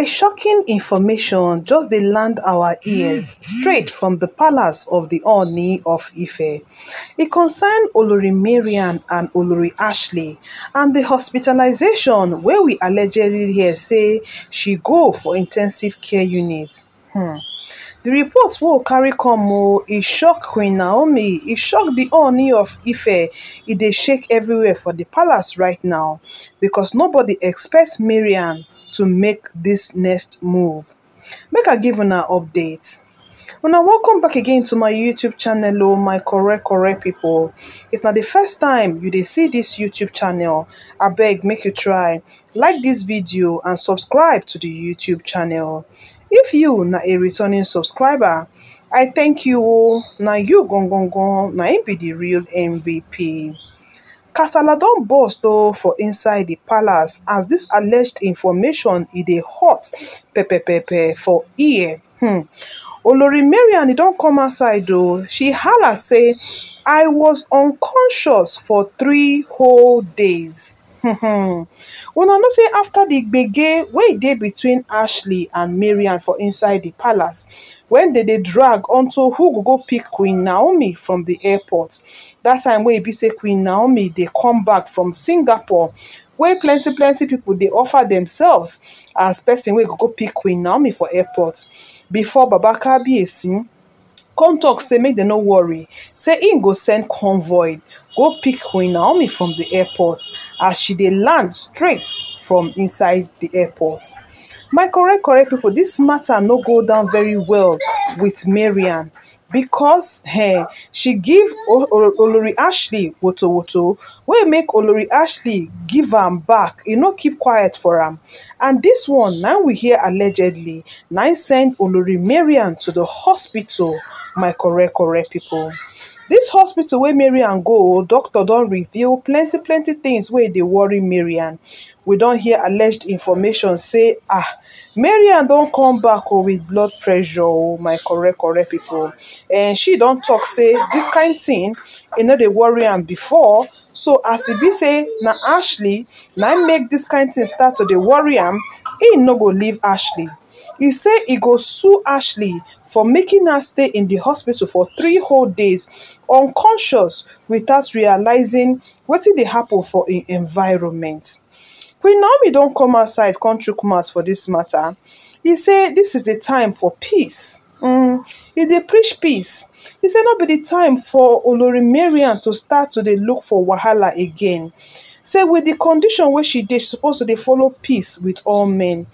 A shocking information just they land our ears hmm, hmm. straight from the palace of the Oni of Ife. It concerned Olori Marian and Olori Ashley and the hospitalization where we allegedly hear say she go for intensive care unit. Hmm. The reports report wey carry come ooo shock queen naomi It shock the ooni of ife It they shake everywhere for the palace right now because nobody expects Miriam to make this next move make a give una update Now welcome back again to my youtube channel oh, my correct correct people. if not the first time you they see this youtube channel I beg make you try like this video and subscribe to the youtube channel if you na a returning subscriber i thank you o na you gangan na im be the real mvp kasala don burst o for inside the palace as this alleged information e dey hot pepper for ear hmm olori Marian, mariam don come outside o she hala say i was unconscious for three whole days Hmm. una know say afta di gbege wey dey between ashley and marian for inside the palace when dem dey drag onto who go go pick queen naomi from the airport That time wey e be say queen naomi dey come back from singapore wey plenty plenty people dey offer themselves as person wey go go pick queen naomi for airport before baba kabiyesi come tok say make they no worry say he go send convoy go pick queen naomi from the airport as she dey land straight from inside the airport my correct correct people, this matter no go down very well with marian because hey, eh, she give olori ashley woto woto We make olori ashley give him back e no keep quiet for him, and this one now we hear allegedly na e send olori marian to the hospital my correct correct people. This hospital wey marian go doctor don reveal plenty plenty things where they worry marian we don't hear alleged information say ah marian don't come back o oh, with blood pressure o oh, my correct correct people, and she don't talk say this kind thing, e no they worry am before so as e be say na ashley na make this kind thing start to dey worry him, he no go leave ashley e say e go sue ashley for making her stay in di hospital for three whole days unconscious without realising wetin dey happun for im environment. queen naomi don come outside come chook mouth for dis mata e say dis is di time for peace um, e dey preach peace e say no be di time for olori Marian to start to dey look for wahala again say wit di condition wey she dey she suppose to dey follow peace wit all men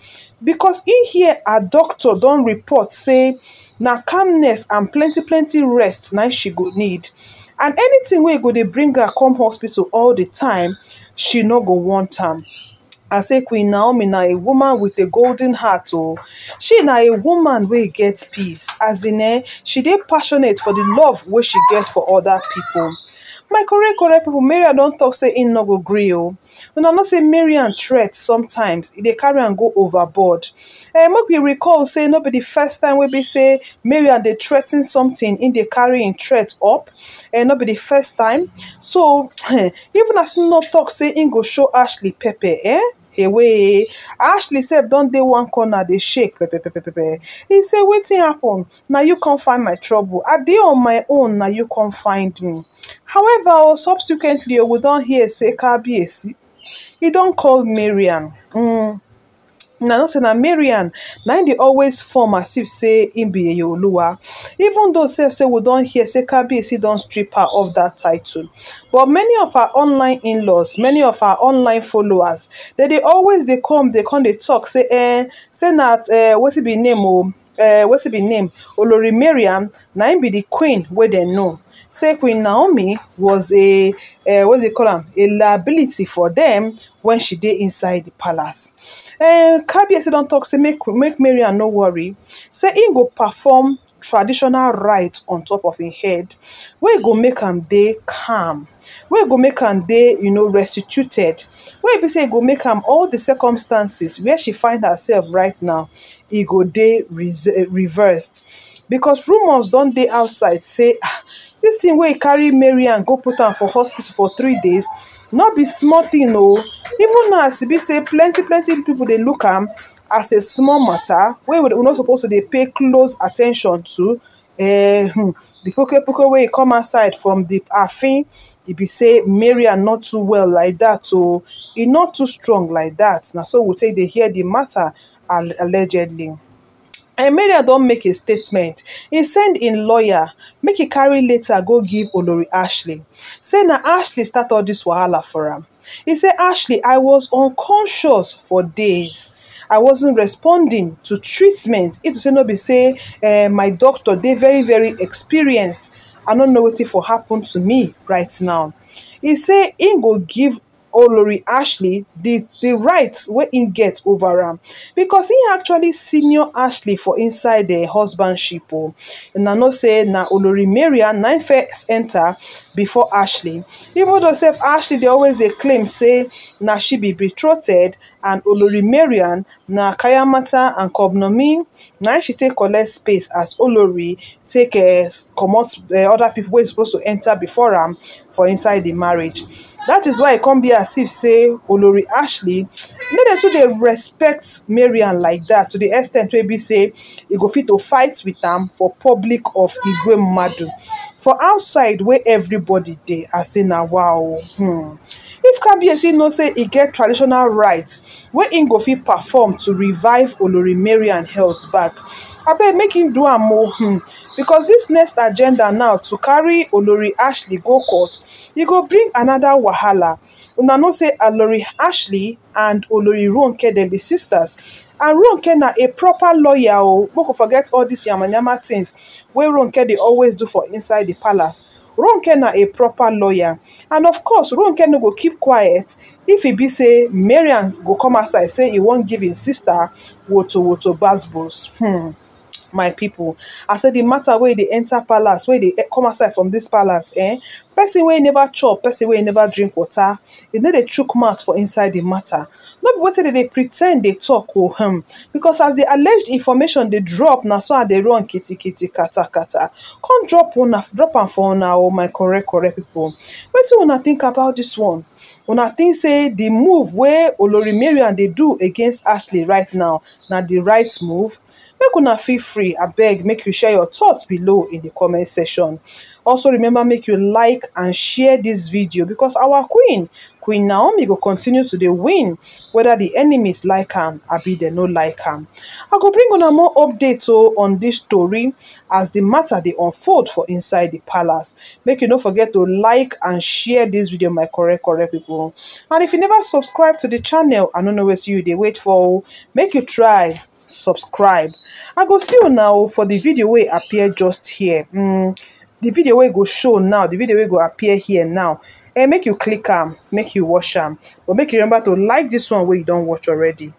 becos e hear her doctor don report say na calmness and plenty plenty rest na she go need and anytin wey go dey bring her com hospital all di time she no go want am i say queen naomi na a woman wit a golden heart o oh. she na a woman wey get peace as in eh, she dey passionate for di love wey she get for oda pipo. my correct correct pipo marian don tok say im no go gree o una know say marian threat sometimes e dey carry am go overboard eh? make we recall say no be di first time wey be say marian dey threaten something im dey carry im threat up eh? no be di first time so even as im no tok say im go show ashley pepper eh away ashley sef don dey one corner dey shake pepepepepe e say wetin happen na you come find my trouble i dey on my own na you come find me however oh, subsequently oh, we don hear say kabiyesi he don call Marian. Mm na know say na marian na im dey always form as if say im be yeyoluwa even though sef say we don hear say kabiyesi don strip her of dat title but many of her online in-laws many of her online followers dey dey always dey come dey come dey talk say eh say na eh wetin be name o uh, wetin be name olori Miriam. na im be the queen wey dem know say queen naomi was a uh, what they call am a liability for dem when she dey inside the palace eh, kabiyesi don talk. say make make Miriam no worry say im go perform traditional right on top of him head Where go make am day calm Where go make am day you know restituted Where be say go make am all the circumstances where she find herself right now e go reversed because rumours don't day outside say ah, this thing where carry carry and go put her for hospital for three days Not be small thing, no. Oh. even now as e be say plenty plenty people they look am as a small matter wey we no suppose to dey pay close at ten tion to um, the poke poke wey e come outside from the afin e be say maria not too well like that, o e not too strong like that. na so we take dey hear the matter allegedly emeria don make a statement e send im lawyer make e carry letter go give olori ashley say na ashley start all dis wahala for am e say ashley i was unconscious for days i wasn't responding to treatment if to say no be say eh, my doctor dey very very experienced i no know wetin for happen to me right now e say im go give olori ashley di di rights wey im get over am becos im actually senior ashley for inside di husbandship o una know say na olori Maria na im first enta before ashley even though sef ashley dey always dey claim say na she be betrothed and olori marian na kayamata and cognomen na im she take collect space as olori take uh, comot uh, other people wey e suppose to enter before am for inside the marriage that is why e come be as if say olori ashley no dey too dey respect marian like that to the extent ten t wey e be say e go fit to fight with am for public of igwe madu for outside wey everybody dey as say na wow. Hmm if kabiyesi know say e get traditional rites wey im go fit perform to revive olori mariam health back abeg make im do am o hmm because dis next agenda now to carry olori ashley go court e go bring anoda wahala una know say olori ashley and olori ronke dem be sisters and ronke na a proper lawyer o make we forget all dis yamayama tins wey ronke dey always do for inside di palace ronke na a proper lawyer and of course ronke no go keep quiet if he be say mariam go come outside say he won't give his sister woto woto gbasgbos. Hmm my people, i said the matter where they enter palace where they eh, come aside from dis palace eh person wey never chop person wey never drink water e no dey chook mouth for inside the matter Not be wetin dem dey pretend dey tok o oh, hmm because as the alleged information they drop now, so i dey run kitty kata kata come drop one, drop and for now, o oh, my correct correct people. pipo wetin una think about this one una think say the move where olori and they do against ashley right now na the right move make una feel free abeg make you share your thoughts below in the comment section also remember make you like and share this video because our queen queen naomi go continue to the win whether the enemies like am abi dem no like am i go bring una more updates oh, on this story as the matter dey unfold for inside the palace make you no forget to like and share this video my correct correct people. and if you never subscribe to the channel i no know wetin you They wait for oh. make you try subscribe i go see you now for the video wey appear just here um, mm, di video wey go show now The video wey go appear here now And eh, make you click am make you watch am but make you remember to like this one where you don't watch already.